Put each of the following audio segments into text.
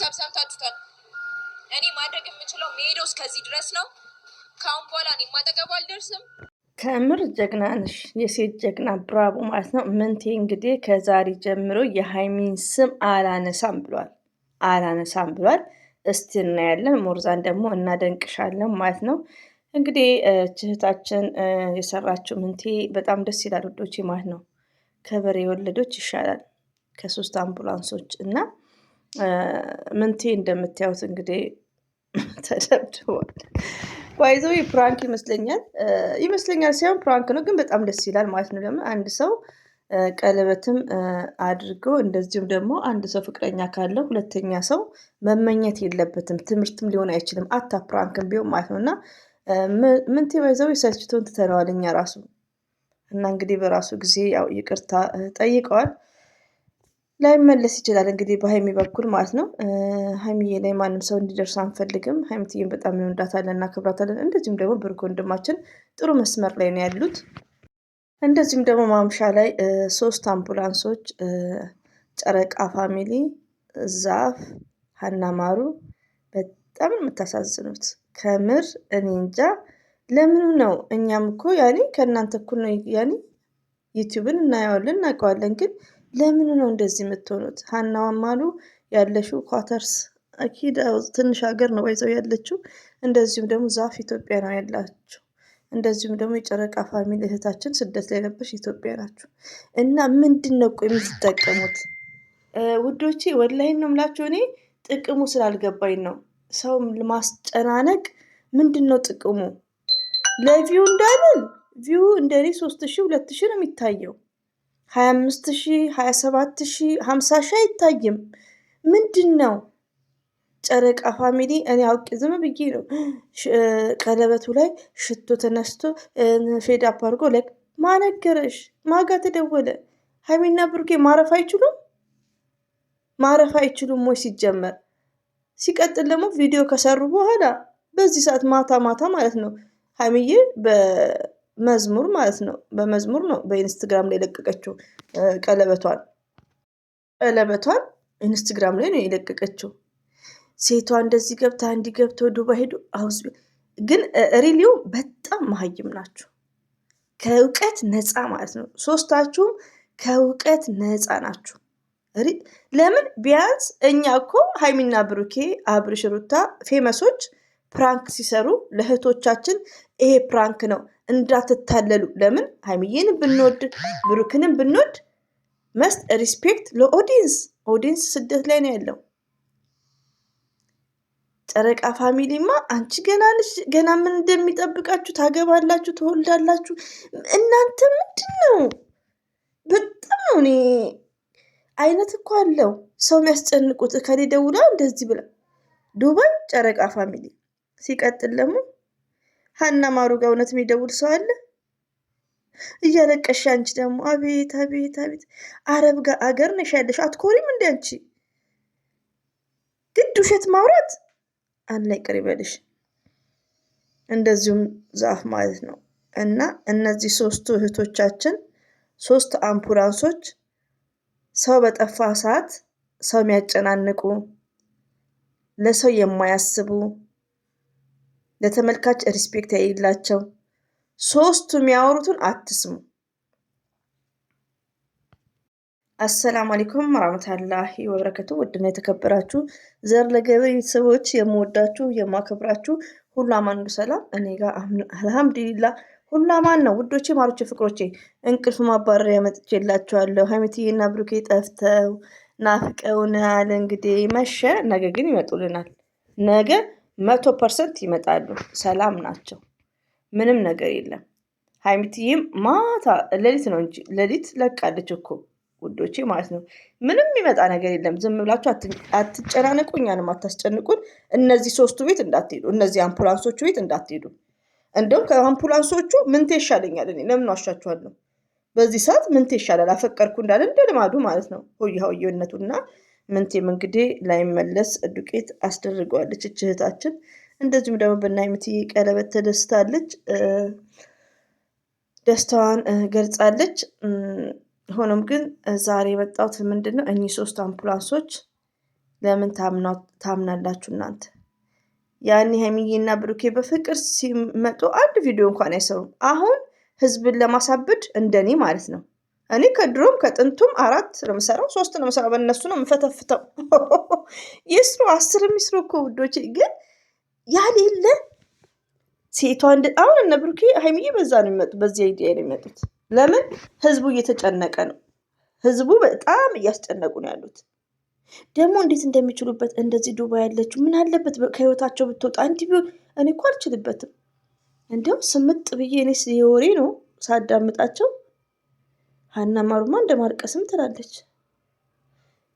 ቤተሰብ ሰምታችሁታል። እኔ ማድረግ የምችለው መሄደው እስከዚህ ድረስ ነው። ከአሁን በኋላ እኔ ማጠገቡ አልደርስም። ከምር ጀግና ነሽ፣ የሴት ጀግና ብራቦ ማለት ነው። ምንቴ እንግዲህ ከዛሬ ጀምሮ የሀይሚን ስም አላነሳም ብሏል፣ አላነሳም ብሏል። እስቲ እናያለን። ሞርዛን ደግሞ እናደንቅሻለን ማለት ነው። እንግዲህ እህታችን የሰራችው ምንቴ በጣም ደስ ይላል ውዶቼ ማለት ነው። ከበሬ ወለዶች ይሻላል ከሶስት አምቡላንሶች እና ምንቴ እንደምታዩት እንግዲህ ተደብድቧል። ባይዞ ፕራንክ ይመስለኛል ይመስለኛል ሳይሆን ፕራንክ ነው፣ ግን በጣም ደስ ይላል ማለት ነው። ለምን አንድ ሰው ቀለበትም አድርጎ እንደዚሁም ደግሞ አንድ ሰው ፍቅረኛ ካለው ሁለተኛ ሰው መመኘት የለበትም። ትምህርትም ሊሆን አይችልም። አታ ፕራንክም ቢሆን ማለት ነው እና ምንቴ ባይዘው የሰችቶን ትተነዋል እኛ ራሱ እና እንግዲህ በራሱ ጊዜ ያው ይቅርታ ጠይቀዋል። ላይመለስ ይችላል እንግዲህ በሀይሚ በኩል ማለት ነው። ሀይሚዬ ላይ ማንም ሰው እንዲደርስ አንፈልግም። ሀይሚትዬን በጣም እንወዳታለን እናከብራታለን። እንደዚሁም ደግሞ ብሩክ ወንድማችን ጥሩ መስመር ላይ ነው ያሉት። እንደዚሁም ደግሞ ማምሻ ላይ ሶስት አምቡላንሶች ጨረቃ ፋሚሊ፣ ዛፍ፣ ሀናማሩ በጣም የምታሳዝኑት ከምር እኔ እንጃ ለምኑ ነው። እኛም እኮ ያኔ ከእናንተ እኩል ነው ያኔ ዩቲዩብን እናየዋለን እናውቀዋለን ግን ለምን ነው እንደዚህ የምትሆኑት? ሀናዋም አሉ ያለሽው ኳተርስ አኪድ ትንሽ ሀገር ነው ባይዘው ያለችው። እንደዚሁም ደግሞ ዛፍ ኢትዮጵያ ነው ያላችሁ። እንደዚሁም ደግሞ የጨረቃ ፋሚሊ እህታችን ስደት ላይ ነበሽ ኢትዮጵያ ናችሁ እና ምንድን ነው ቆይ የምትጠቀሙት? ውዶቼ ወላይን ነው የምላችሁ። እኔ ጥቅሙ ስላልገባኝ ነው። ሰው ለማስጨናነቅ ምንድን ነው ጥቅሙ? ለቪው እንዳሉን ቪው እንደኔ ሶስት ሺ ሁለት ሺ ነው የሚታየው። ሃያ አምስት ሺህ ሃያ ሰባት ሺህ ሃምሳ ሺህ አይታይም። ምንድን ነው ጨረቃ ፋሚሊ? እኔ አውቄ ዝም ብዬ ነው። ቀለበቱ ላይ ሽቶ ተነስቶ ፌድ አፕ አድርጎ ለቅ ማነገረሽ ማጋ ተደወለ። ሀይሚና ብሩኬ ማረፍ አይችሉም፣ ማረፍ አይችሉም ወይ ሲጀመር። ሲቀጥል ደግሞ ቪዲዮ ከሰሩ በኋላ በዚህ ሰዓት ማታ ማታ ማለት ነው ሀይሚዬ መዝሙር ማለት ነው። በመዝሙር ነው በኢንስትግራም ላይ የለቀቀችው ቀለበቷን ቀለበቷን ኢንስትግራም ላይ ነው የለቀቀችው። ሴቷ እንደዚህ ገብታ እንዲህ ገብቶ ዱባይ ሄዱ አውዝ ግን ሪሊው በጣም መሀይም ናችሁ። ከእውቀት ነፃ ማለት ነው። ሶስታችሁም ከእውቀት ነፃ ናችሁ። ለምን ቢያንስ እኛ እኮ ሀይሚና ብሩኬ አብርሽ ሩታ ፌመሶች ፕራንክ ሲሰሩ ለእህቶቻችን ይሄ ፕራንክ ነው እንዳትታለሉ። ለምን ሀይሚዬን ብንወድ ብሩክንም ብንወድ መስት ሪስፔክት ለኦዲንስ ኦዲንስ ስደት ላይ ነው ያለው። ጨረቃ ፋሚሊማ አንቺ ገና ነሽ፣ ገና ምን እንደሚጠብቃችሁ ታገባላችሁ፣ ትወልዳላችሁ። እናንተ ምንድን ነው? በጣም ነው እኔ አይነት እኮ አለው ሰው የሚያስጨንቁት ከሌ ደውላ እንደዚህ ብላ ዱባይ ጨረቃ ፋሚሊ ሲቀጥል ደግሞ ሀና ማሩ እውነት የሚደውል ሰው አለ? እያለቀሽ አንቺ ደግሞ አቤት አቤት አቤት፣ አረብ ጋር አገር ነሽ ያለሽ አትኮሪም እንዲ አንቺ ግድ ውሸት ማውራት አላ ይቅር ይበልሽ። እንደዚሁም ዛፍ ማለት ነው። እና እነዚህ ሶስቱ እህቶቻችን ሶስት አምፑላንሶች ሰው በጠፋ ሰዓት ሰው የሚያጨናንቁ ለሰው የማያስቡ ለተመልካች ሪስፔክት የሌላቸው ሶስቱ የሚያወሩትን አትስሙ። አሰላሙ አለይኩም ወራህመቱላሂ ወበረከቱ። ውድና የተከበራችሁ ዘር ለገበሬ ቤተሰቦች የምወዳችሁ የማከብራችሁ ሁሉ አማን ሰላም፣ እኔ ጋር አልሐምዱሊላ ሁሉ አማን ነው። ውዶቼ ማሮቼ ፍቅሮቼ እንቅልፍ ማባረር የላቸዋለሁ ሀይሚትዬና ብሩኬ ጠፍተው ናፍቀውናል። እንግዲህ መሸ፣ ነገ ግን ይመጡልናል ነገ መቶ ፐርሰንት ይመጣሉ። ሰላም ናቸው። ምንም ነገር የለም። ሀይሚትዬም ማታ ሌሊት ነው እንጂ ሌሊት ለቃለች እኮ ውዶቼ ማለት ነው። ምንም ይመጣ ነገር የለም። ዝም ብላችሁ አትጨናነቁ፣ እኛንም አታስጨንቁን። እነዚህ ሶስቱ ቤት እንዳትሄዱ፣ እነዚህ አምፑላንሶቹ ቤት እንዳትሄዱ። እንደውም ከአምፑላንሶቹ ምንቴ ይሻለኛል እኔ ለምን ዋሻችኋለሁ? በዚህ ሰዓት ምንቴ ይሻላል አፈቀርኩ እንዳለ እንደ ልማዱ ማለት ነው ሆያ ሆየነቱና ምንቴም እንግዲህ ላይመለስ ዱቄት አስደርገዋለች እች እህታችን። እንደዚሁም ደግሞ በናይምቲ ቀለበት ተደስታለች፣ ደስታዋን ገልጻለች። ሆኖም ግን ዛሬ የመጣሁት ምንድን ነው እኚህ ሶስት አምቡላንሶች ለምን ታምናላችሁ እናንተ? ያኔ ሀይሚዬና ብሩኬ በፍቅር ሲመጡ አንድ ቪዲዮ እንኳን አይሰሩም። አሁን ህዝብን ለማሳበድ እንደኔ ማለት ነው እኔ ከድሮም ከጥንቱም አራት ነው የምሰራው፣ ሶስት ነው የምሰራው። በእነሱ ነው የምፈተፍተው። ይስሩ አስርም ይስሩ እኮ ውዶች። ግን ያሌለ ሴቷ አሁን እነ ብሩኬ ሀይሚዬ በዛ ነው የሚመጡት፣ በዚህ አይዲያ ነው የሚመጡት። ለምን ህዝቡ እየተጨነቀ ነው። ህዝቡ በጣም እያስጨነቁ ነው ያሉት። ደግሞ እንዴት እንደሚችሉበት እንደዚህ ዱባ ያለችው ምን አለበት ከህይወታቸው ብትወጣ እንዲ ቢሆን እኔ እኮ አልችልበትም። እንዲያው ስምጥ ብዬ እኔ የወሬ ነው ሳዳምጣቸው ሀና ማሩማ እንደ ማርቀስም ትላለች።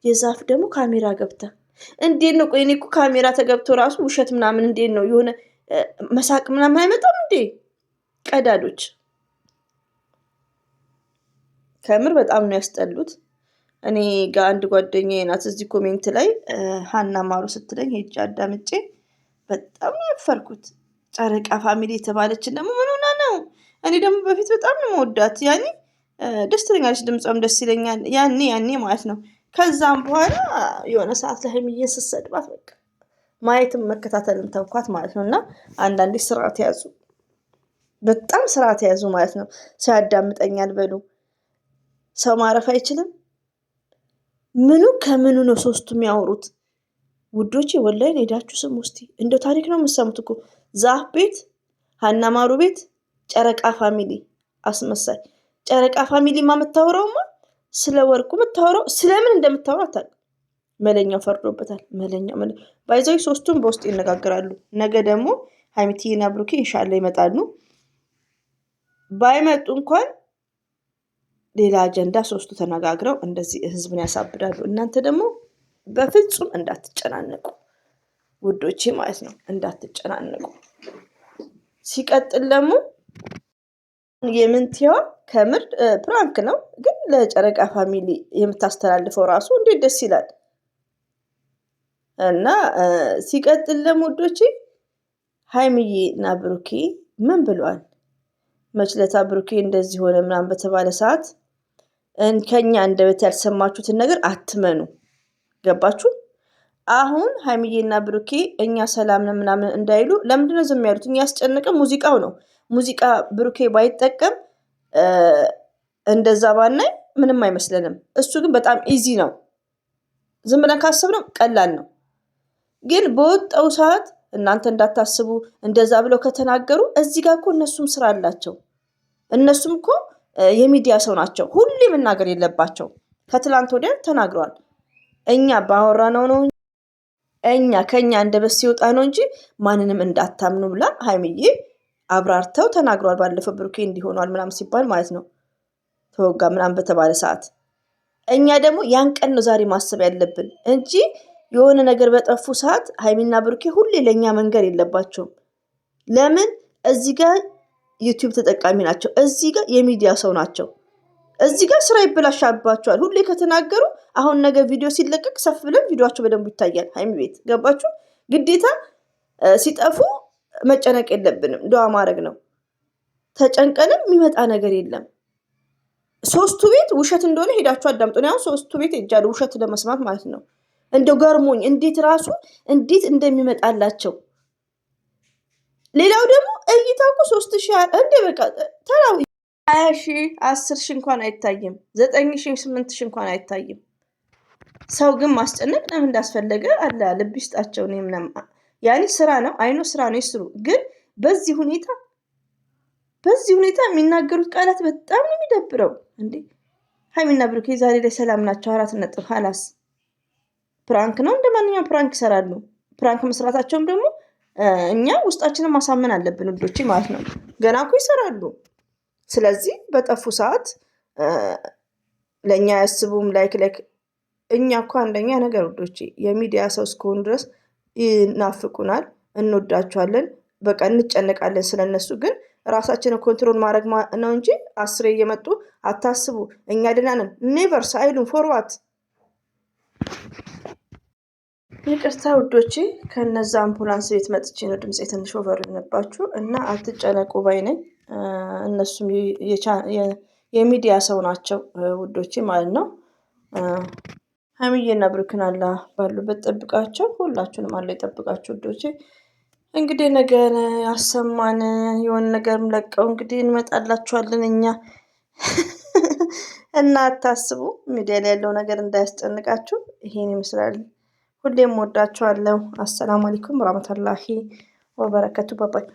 የዛፍ ደግሞ ካሜራ ገብታ እንዴት ነው? ቆይ እኔ እኮ ካሜራ ተገብቶ ራሱ ውሸት ምናምን እንዴት ነው የሆነ መሳቅ ምናምን አይመጣም እንዴ? ቀዳዶች ከምር በጣም ነው ያስጠሉት። እኔ ጋ አንድ ጓደኛዬ ናት እዚህ ኮሜንት ላይ ሀና ማሩ ስትለኝ ሄጅ አዳምጬ በጣም ነው ያፈርኩት። ጨረቃ ፋሚሊ የተባለችን ደግሞ ምን ሆና ነው? እኔ ደግሞ በፊት በጣም ነው መወዳት ያኔ ደስ ትለኛለች፣ ድምጿም ደስ ይለኛል። ያኔ ያኔ ማለት ነው። ከዛም በኋላ የሆነ ሰዓት ላይ ሀይሚዬን ስሰድባት በቃ ማየትም መከታተልም ተውኳት ማለት ነው። እና አንዳንዴ ስርዓት ያዙ፣ በጣም ስርዓት ያዙ ማለት ነው። ሰው ያዳምጠኛል በሉ። ሰው ማረፍ አይችልም። ምኑ ከምኑ ነው ሶስቱ የሚያወሩት? ውዶቼ ወላይን ሄዳችሁ ስም ውስቲ እንደ ታሪክ ነው የምሰሙት እኮ ዛፍ ቤት፣ ሀናማሩ ቤት፣ ጨረቃ ፋሚሊ አስመሳይ ጨረቃ ፋሚሊማ የምታወራውማ ስለ ወርቁ የምታወራው ስለምን እንደምታወራ አታውቅም። መለኛው ፈርዶበታል። መለኛ ባይዛዊ ሶስቱም በውስጥ ይነጋግራሉ። ነገ ደግሞ ሀይሚቲና ብሩኬ እንሻላ ይመጣሉ። ባይመጡ እንኳን ሌላ አጀንዳ ሶስቱ ተነጋግረው እንደዚህ ህዝብን ያሳብዳሉ። እናንተ ደግሞ በፍጹም እንዳትጨናነቁ ውዶቼ ማለት ነው፣ እንዳትጨናነቁ። ሲቀጥል ደግሞ የምንትዋ ከምር ፕራንክ ነው፣ ግን ለጨረቃ ፋሚሊ የምታስተላልፈው ራሱ እንዴት ደስ ይላል። እና ሲቀጥል ለሞዶች ሀይምዬ እና ብሩኬ ምን ብሏል? መችለታ ብሩኬ እንደዚህ ሆነ ምናምን በተባለ ሰዓት ከኛ አንደበት ያልሰማችሁትን ነገር አትመኑ። ገባችሁ? አሁን እና ብሩኬ እኛ ሰላም ነው ምናምን እንዳይሉ ለምንድነው ዝም ያሉት? እኛ ያስጨነቀ ሙዚቃው ነው። ሙዚቃ ብሩኬ ባይጠቀም እንደዛ ባናይ ምንም አይመስለንም። እሱ ግን በጣም ኢዚ ነው። ዝም ብለን ካሰብነው ቀላል ነው። ግን በወጣው ሰዓት እናንተ እንዳታስቡ እንደዛ ብለው ከተናገሩ እዚህ ጋር እኮ እነሱም ስራ አላቸው። እነሱም እኮ የሚዲያ ሰው ናቸው። ሁሌ መናገር የለባቸው። ከትላንት ወዲያ ተናግረዋል። እኛ ባወራ ነው እኛ ከኛ እንደበስ ሲወጣ ነው እንጂ ማንንም እንዳታምኑ ብላ ሀይምዬ አብራርተው ተናግሯል። ባለፈው ብሩኬ እንዲሆኗል ምናምን ሲባል ማለት ነው ተወጋ ምናምን በተባለ ሰዓት እኛ ደግሞ ያን ቀን ነው ዛሬ ማሰብ ያለብን እንጂ የሆነ ነገር በጠፉ ሰዓት ሀይሚና ብሩኬ ሁሌ ለእኛ መንገር የለባቸውም። ለምን እዚህ ጋር ዩቲዩብ ተጠቃሚ ናቸው፣ እዚህ ጋር የሚዲያ ሰው ናቸው። እዚህ ጋር ስራ ይበላሻባቸዋል። ሁሌ ከተናገሩ አሁን ነገር ቪዲዮ ሲለቀቅ ሰፍ ብለን ቪዲዮቸው በደንቡ ይታያል። ሀይሚ ቤት ገባችሁ? ግዴታ ሲጠፉ መጨነቅ የለብንም። ዱዓ ማድረግ ነው። ተጨንቀንም የሚመጣ ነገር የለም። ሶስቱ ቤት ውሸት እንደሆነ ሄዳችሁ አዳምጡ። ያው ሶስቱ ቤት ሄጃለሁ ውሸት ለመስማት ማለት ነው። እንደው ገርሞኝ እንዴት ራሱ እንዴት እንደሚመጣላቸው ሌላው ደግሞ እይታ እኮ ሶስት ሺ እንደ በቃ ተራ ሀያ ሺ አስር ሺ እንኳን አይታይም። ዘጠኝ ሺ ስምንት ሺ እንኳን አይታይም። ሰው ግን ማስጨነቅ ለምን እንዳስፈለገ አለ ልብ ይስጣቸው። እኔ ምናምን ያኔ ስራ ነው አይኖ ስራ ነው ይስሩ። ግን በዚህ ሁኔታ በዚህ ሁኔታ የሚናገሩት ቃላት በጣም ነው የሚደብረው። እንዴ ሀይሚና ብሩኬ ዛሬ ላይ ሰላም ናቸው። አራት ነጥብ ሀላስ ፕራንክ ነው፣ እንደ ማንኛውም ፕራንክ ይሰራሉ። ፕራንክ መስራታቸውም ደግሞ እኛ ውስጣችንን ማሳመን አለብን ውዶቼ ማለት ነው። ገና እኮ ይሰራሉ። ስለዚህ በጠፉ ሰዓት ለእኛ አያስቡም። ላይክ ላይክ እኛ እኮ አንደኛ ነገር ውዶቼ የሚዲያ ሰው እስከሆኑ ድረስ ይናፍቁናል፣ እንወዳቸዋለን፣ በቃ እንጨነቃለን ስለነሱ። ግን ራሳችንን ኮንትሮል ማድረግ ነው እንጂ አስሬ እየመጡ አታስቡ፣ እኛ ደህና ነን፣ ኔቨርስ አይሉም ፎርዋት ይቅርታ ውዶቼ፣ ከነዛ አምቡላንስ ቤት መጥቼ ነው ድምፅ ትንሽ ኦቨር የሆነባችሁ እና አትጨነቁ ባይ ነኝ። እነሱም የሚዲያ ሰው ናቸው ውዶቼ ማለት ነው። ሀይሚዬና ብሩክን አላ ባሉበት ጠብቃቸው። ሁላችሁንም አለው የጠብቃቸው ውዶቼ። እንግዲህ ነገ ያሰማን የሆነ ነገርም ለቀው እንግዲህ እንመጣላችኋለን እኛ እና አታስቡ። ሚዲያ ላይ ያለው ነገር እንዳያስጨንቃችሁ። ይሄን ይመስላል። ሁሌም ወዳችኋለሁ። አሰላሙ አለይኩም ወራህመቱላሂ ወበረከቱ። ባባይ